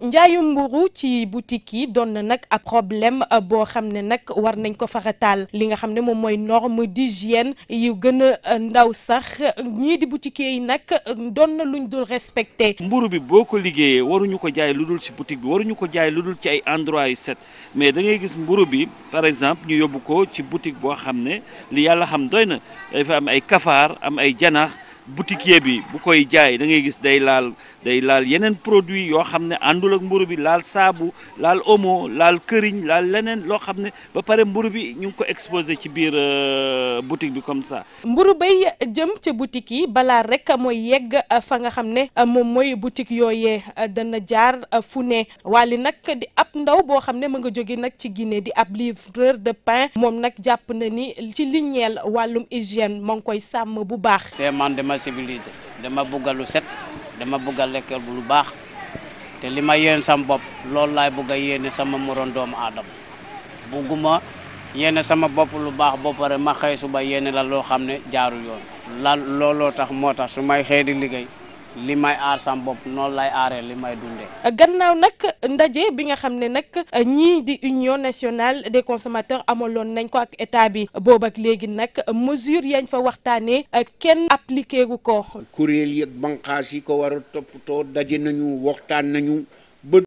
njaayu mburu ci boutique yi doon na nag ab problème euh, boo xam ne nag war nañ ko farataal li nga xam ne moom mooy norme d'hygiène yu gën a euh, ndaw sax ñii di boutique yi nag euh, doon na luñ dul respecté. mburu bi boo ko liggéeyee waruñu ko jaay lu dul ci boutique bi waruñu ko jaay lu dul ci ay endroit yu set mais da ngay gis mburu bi par exemple ñu yóbbu ko ci boutique boo xam ne li yàlla xam doy na dafa am ay kafaar am ay janax boutiquier bi bu koy jaay da ngay gis day laal day laal yeneen produits yoo xam ne àndul ak mburu bi laal saabu laal omo laal këriñ laal leneen loo xam ne ba pare mburu bi ñu ngi ko exposé ci biir euh, boutique bi comme ça. mburu bay jëm ci boutique yi balaa rek mooy yegg euh, fa nga xam ne euh, moom mooy boutique yooyee dana jaar fu ne wali nag di ab ndaw boo xam ne mu nga jóge nag ci Guinée di ab livreur de pain moom nag jàpp na ni ci li ñeel wàllum hygiène moo ngi koy sàmm bu baax. sensibiliser dama bugga lu set dama bugg a lekk lu baax te li ma yéen sama bopp loolu laay bugg a yéene sama moroom doomu aadama bugguma yéene sama bopp lu baax ba pare ma xëy suba yéene la loo xam ne jaaru yoon la looloo tax moo tax su may liggéey li may aar sam bopp noonu lay aaree li may dundee. gannaaw nag ndaje bi nga xam ne nag ñii di union nationale des consommateurs amaloon nañ ko ak état bi boobu ak léegi nag mesure yañ fa waxtaanee kenn appliqué gu ko. kuréel yëg ak yi ko war a toppatoo daje nañu waxtaan nañu.